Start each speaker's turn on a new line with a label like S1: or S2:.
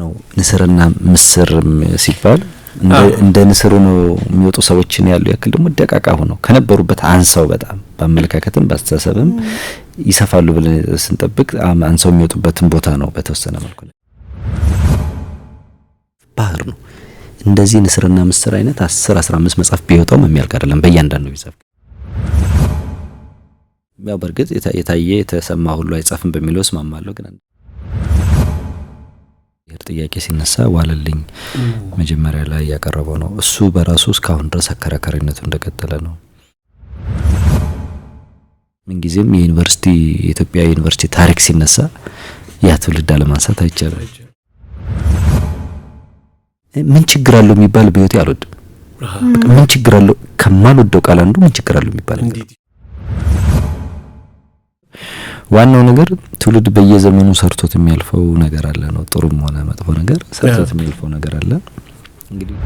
S1: ነው ንስርና ምስር ሲባል እንደ ንስሩ ነው የሚወጡ ሰዎችን ያሉ ያክል ደግሞ ደቃቃ ሆነው ከነበሩበት አንሰው በጣም በአመለካከትም በአስተሳሰብም ይሰፋሉ ብለን ስንጠብቅ አንሰው የሚወጡበትን ቦታ ነው በተወሰነ መልኩ ባህር ነው። እንደዚህ ንስርና ምስር አይነት 10 15 መጽሐፍ ቢወጣው የሚያልቅ አይደለም። በእያንዳንዱ ቢጻፍ ያው በእርግጥ የታየ የተሰማ ሁሉ አይጻፍም በሚለው እስማማለሁ ግን ጥያቄ ሲነሳ ዋለልኝ መጀመሪያ ላይ ያቀረበው ነው። እሱ በራሱ እስካሁን ድረስ አከራካሪነቱ እንደቀጠለ ነው። ምንጊዜም የዩኒቨርሲቲ የኢትዮጵያ ዩኒቨርሲቲ ታሪክ ሲነሳ ያ ትውልድ አለማንሳት አይቻልም። ምን ችግር አለው የሚባል በህይወቴ አልወድም። ምን ችግር አለው ከማልወደው ቃል አንዱ ምን ችግር አለው የሚባል ዋናው ነገር ትውልድ በየዘመኑ ሰርቶት የሚያልፈው ነገር አለ ነው። ጥሩም ሆነ መጥፎ ነገር ሰርቶት የሚያልፈው ነገር አለ እንግዲህ